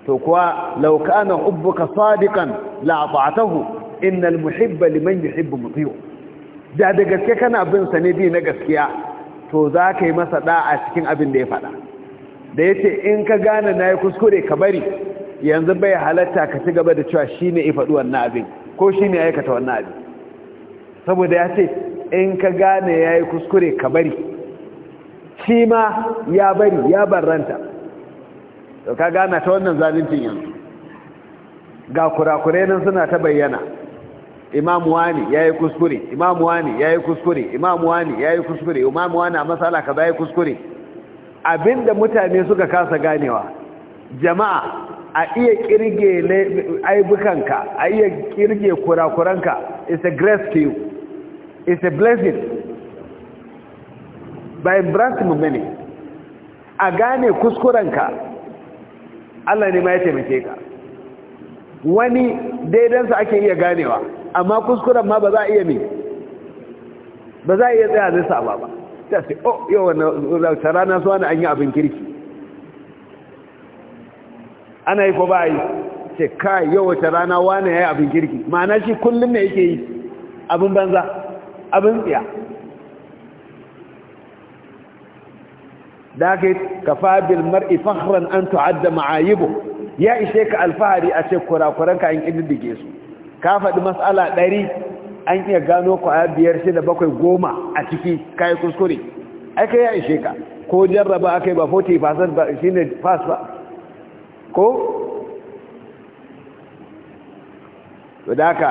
to kuwa laukana hubbuka sadikan la'abatahu innal muhibba liman yuhibbu mutiyu da da gaske kana bin sa ne bi na gaskiya to za ka yi masa da'a cikin abin da ya faɗa da ya ce in ka gane na yi kuskure ka bari yanzu bai halatta ka ci gaba da cewa shi ne ya faɗi wannan abin ko shi ne aikata wannan abin saboda ya ce in ka gane ya yi kuskure ka bari shi ma ya bari ya barranta to ka gana ta wannan zalincin yanzu ga kurakurai nan suna ta bayyana imam wani ya yi kuskure imam wani ya yi kuskure imam wani ya yi kuskure imam wani a matsala ka ya yi kuskure abinda mutane suka kasa ganewa jama'a a iya kirge aibukanka a iya kirge kurakuranka its a grace to you is a blessing by embracing many a gane kuskurenka Allah ne ma ya taimake ka wani daidansa ake iya ganewa amma kuskuren ma ba za a iya mi ba za a iya tsaya zai saba ba ta ce oh yau wannan rana su wani an yi abin kirki ana yi ko ba yi ce kai yau wata rana wani ya yi abin kirki ma'ana shi kullum ne yake yi abin banza abin tsiya da ka kafa mar'i fahran an tu'adda ma'ayibu ya ishe ka alfahari a ce kurakuran ka an kididdige su ka faɗi mas'ala ɗari an iya gano kwaya biyar shida bakwai goma a ciki kayi kuskure ai ya ishe ka ko jarraba aka yi ba 40% ba shi ne fas ba ko? da haka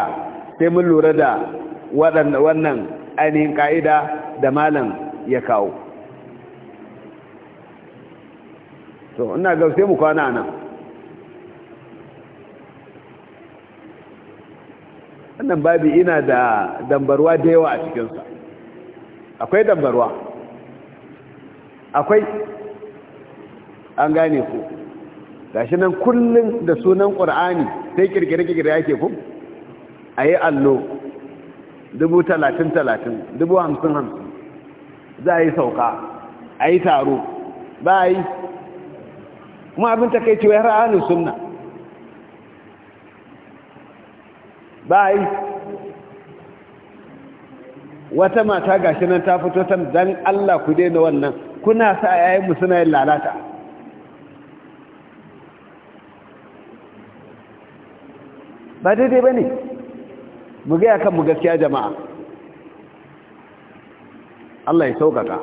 sai mun lura da wannan ainihin ka'ida da malam ya kawo to ina ga mu kwana nan wannan babi ina da dambarwa da yawa a cikinsa akwai dambarwa akwai an gane ku gashi nan kullum da sunan ƙur'ani sai kirkire-kirkire ke kun, a yi allo dubu talatin talatin dubu hamsin hamsin za a yi sauka a yi taro ba a yi kuma abin ta kai cewa ra'anin suna ba a yi wata mata gashi nan ta fito ta dan Allah ku daina wannan kuna sa yayin mu suna yin lalata ba daidai ba ne mu gaya kan mu gaskiya jama'a Allah ya sauƙaƙa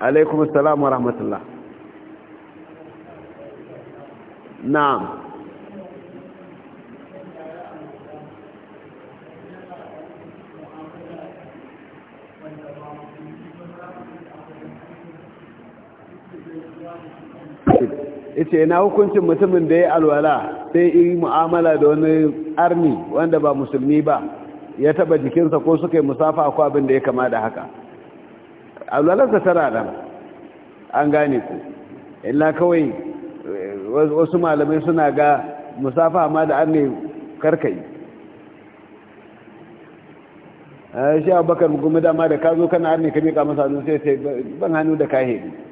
alaikum assalam wa rahmatullah na'am ce na hukuncin mutumin da ya alwala sai yi mu'amala da wani armi wanda ba musulmi ba ya taba jikinsa ko suka yi musafa ko abin da ya kama da haka alwalarsa tara nan an gane ku illa kawai eh, wasu malamai suna ga musafa ma da ne karkai eh, shi abubakar gumi dama da ka zo kana ne ka miƙa masa sai sai ban hannu da kahiri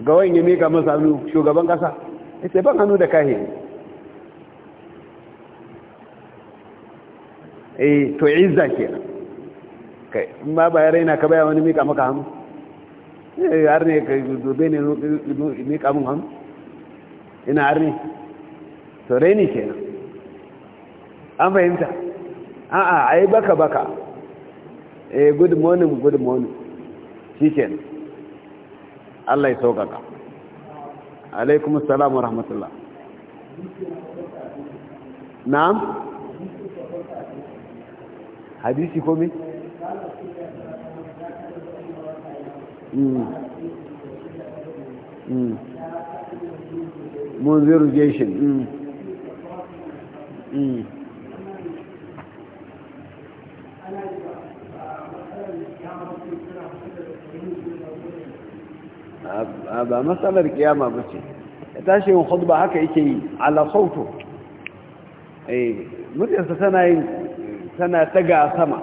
ga wani ya mika masa hannu shugaban kasa ya ce ban hannu da kahin eh to izza kenan kai ma ba ya raina ka baya wani mika maka hannu eh har ne ka dube ne mika mun hannu ina har ne to raini kenan an fahimta a'a ai baka baka eh good morning good morning shikenan Allah ya sauƙaƙa alaikum salamu rahmatullah na'am hadisi ko me hmm. hmm. munziru jeshin hmm. ba matsalar kiyama ba ce ya tashi yin khutba haka yake yi ala sautu eh mutunsa tana yin tana taga sama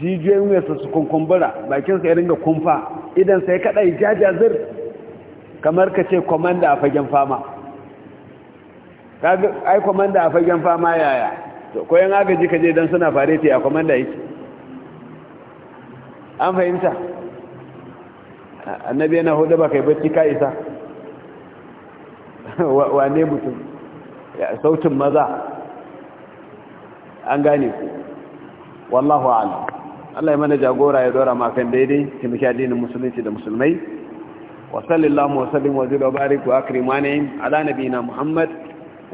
jijiyoyin wuyarsa su kunkumbura bakinsa ya ringa kumfa idan sai kada ya jajazir kamar ka ce komanda a fagen fama ai komanda a fagen fama yaya to koyan agaji ka je don suna fareti a komanda yake an fahimta annabi yana hudu ba kai bacci ka isa wane mutum sautin maza an gane ku wallahu ala Allah ya mana jagora ya dora makan daidai mishi addinin musulunci da musulmai wa sallallahu wa sallim wa zira barik wa akrimani ala nabiyina muhammad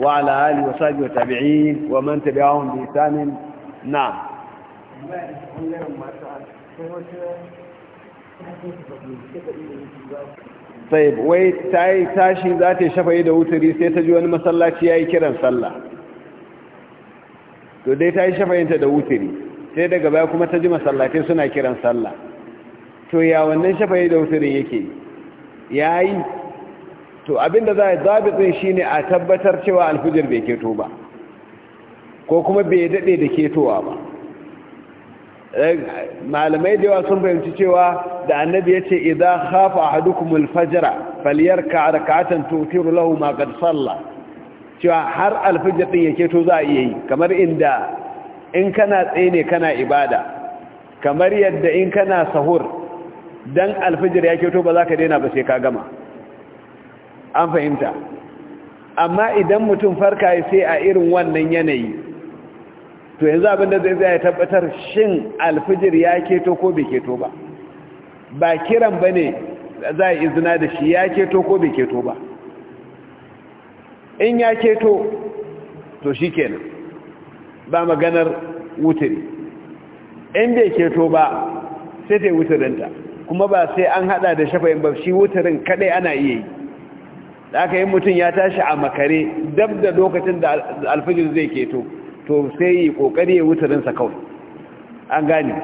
wa ala ali wa sahbihi wa tabi'in wa man tabi'ahum bi ihsan na'am sai wai ta yi tashi za ta yi shafa'i da wuturi sai ta ji wani masallaci ya yi kiran sallah to dai ta yi shafa'inta da wuturi sai daga baya kuma ta ji masallatai suna kiran sallah to ya wannan yi da wuturi yake ya yi to abinda za a zabitin shi ne a tabbatar cewa alfijir bai keto ba ko kuma bai daɗe da ketowa ba malamai da yawa sun fahimci cewa da annabi ya ce idan hafa a hadukumul mulfajira. faliyar ka rakatan tutiru lahu ma qad cewa har alfajir din yake to za a iya yi kamar inda in kana tsaye kana ibada kamar yadda in kana sahur dan alfajir yake to ba za ka daina ba sai ka gama an fahimta amma idan mutum farka sai a irin wannan yanayi to yanzu abin da zai zai ya tabbatar shin alfijir ya keto ko bai keto ba ba kiran ba ne za a izina da shi ya keto ko bai keto ba in ya keto to shi kenan ba maganar wuturi in bai keto ba sai ta yi wuturinta kuma ba sai an hada da shafayin ba shi wuturin kadai ana iya yi da aka yi mutum ya tashi a makare dab da lokacin da alfijir zai keto to sai yi kokari ya wutarinsa kawai an gane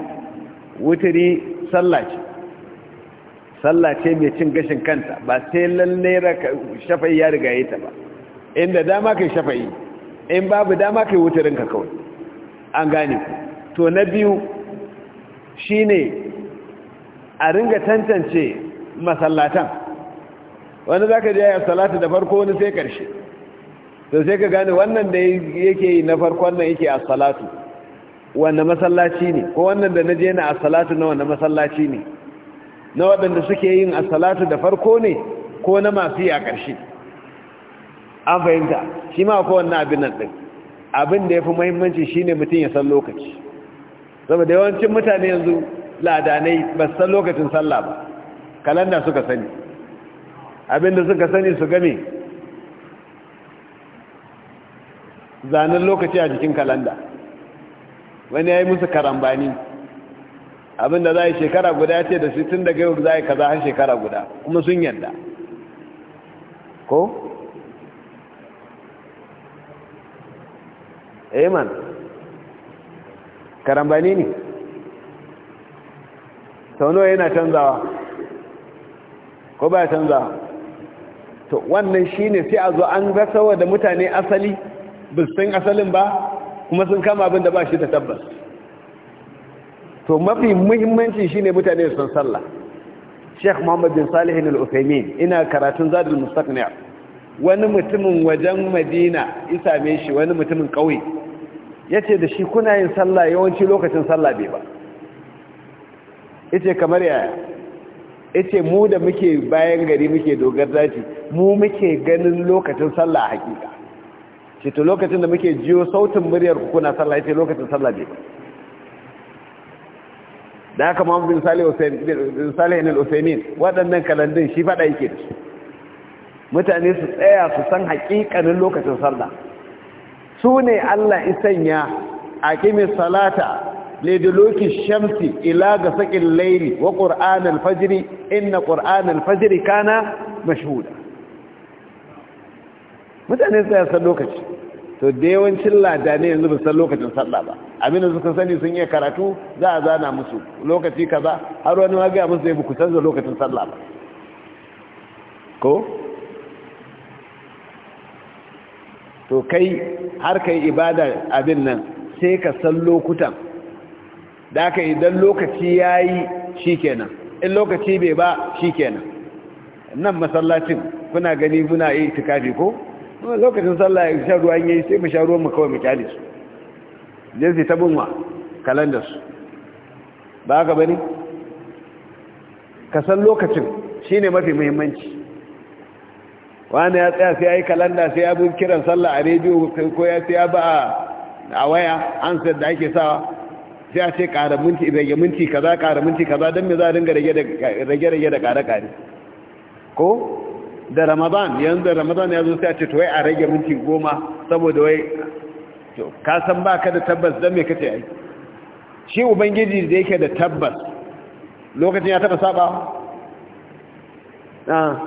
wutari sallaci ce mai cin gashin kanta ba sai lalle shafa'i ya riga yi ta ba inda dama kai shafa'i in babu dama kai wutarinka kawai an gane to na biyu shine a ringa tantance masallatan wani zaka je ya salatu da farko wani sai karshe to sai ka gane wannan da yake na farkon nan yake as-salatu wanda masallaci ne ko wannan da naje na as-salatu na wanda masallaci ne na waɗanda suke yin as-salatu da farko ne ko na masu a ƙarshe an fahimta shi ma ko wannan abin nan din abin da yafi muhimmanci shine mutum ya san lokaci saboda yawancin mutane yanzu ladanai ba san lokacin sallah ba kalanda suka sani abinda suka sani su game zanen lokaci a jikin kalanda wani ya yi musu karambani abinda za a yi shekara guda ce da su tun daga yau za a yi kaza har shekara guda kuma sun yadda ko? eman eh, karambani ne sauno yana canzawa ko ba canzawa to wannan shine sai a zo an gasawa da mutane asali ba san asalin ba kuma sun kama abin da ba shi da tabbas to mafi muhimmanci shine mutane su san sallah Sheikh Muhammad bin Salih al-Uthaymeen ina karatun Zadul Mustaqni' wani mutumin wajen Madina ya same shi wani mutumin kauye yace da shi kuna yin sallah yawanci lokacin sallah bai ba yace kamar yaya yace mu da muke bayan gari muke dogar daji mu muke ganin lokacin sallah hakika ce to lokacin da muke jiyo sautin muryar ku kuna sallah ce lokacin sallah ne da haka Muhammad bin Salih Usayn bin waɗannan kalandun shi fada yake da su mutane su tsaya su san haƙiƙanin lokacin sallah su ne Allah isanya aqimis salata liduluki shamsi ila ga saƙin laili wa ƙur'an alfajiri inna ƙur'an alfajiri kana mashuda mutane san lokaci to da yawancin lada ne yanzu san lokacin sallah ba abinda suka sani sun yi karatu za a zana musu lokaci kaza har wani ma gaya musu ya bu canza lokacin sallah ba ko to kai har kai ibada abin nan sai ka san lokutan da yi idan lokaci ya yi shi kenan in lokaci bai ba shi kenan nan masallacin kuna gani muna yi tukafi ko lokacin sallah ya sha ruwan yayi sai mu sha ruwan mu kawai mu kyale su zai su tabin wa kalandar su ba haka bane ka san lokacin shine mafi muhimmanci wani ya tsaya sai ya yi kalanda sai ya bi kiran sallah a rediyo ko ya sai ya ba a waya sai da ake sawa sai a ce ƙara minti rage minti kaza ƙara minti kaza don me za a dinga rage-rage da ƙare-ƙare ko da ramadan yanzu da ramadan ya zo sai a ce to wai a rage minti goma saboda wai to ka san ba ka da tabbas don me kace ai shi ubangiji da yake da tabbas lokacin ya taba saba ah,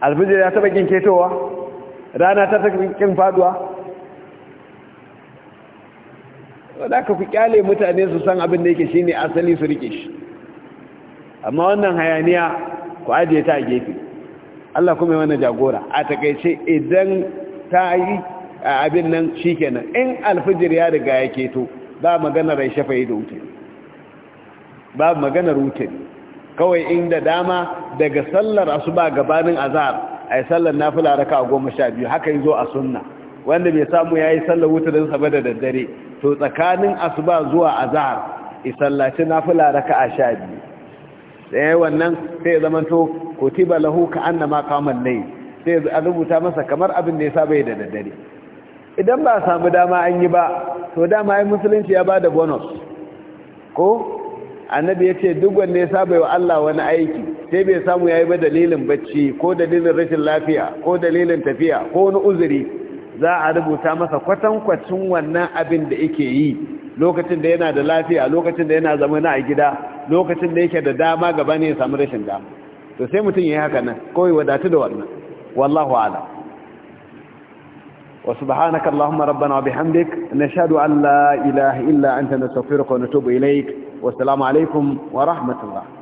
alfijir ya taba kin ketowa rana ta taba kin faduwa wadda ka ku kyale mutane su san abin da yake shi ne asali su rike shi amma wannan hayaniya ku ajiye ta a gefe Allah kuma wani jagora a takaice idan ta yi abin nan shikenan in alfijir ya riga ya keto ba maganar rai yi da wuce ba maganar wuce kawai inda dama daga sallar asuba gabanin a ai sallar nafila raka biyu haka zo a sunna wanda bai samu ya yi sallar wuta sa ba da daddare to tsakanin asuba zuwa azhar isallaci a raka biyu. da wannan sai zama to kutiba lahu ka annama qamal nai. sai a rubuta masa kamar abin da ya saba da daddare idan ba samu dama an yi ba to dama ai musulunci ya bada bonus ko annabi ya ce duk wanda ya saba wa Allah wani aiki sai bai samu yayi ba dalilin bacci ko dalilin rashin lafiya ko dalilin tafiya ko wani uzuri za a rubuta masa kwatankwacin wannan abin da yake yi lokacin da yana da lafiya lokacin da yana zama na a gida lokacin da yake da dama gaba ne ya samu rashin dama to sai mutum ya yi haka nan kawai wadatu da wannan wallahu ala wa subhanaka allahumma rabbana wa bihamdik nashhadu an la ilaha illa anta nastaghfiruka wa natubu ilaik wa assalamu alaikum wa rahmatullah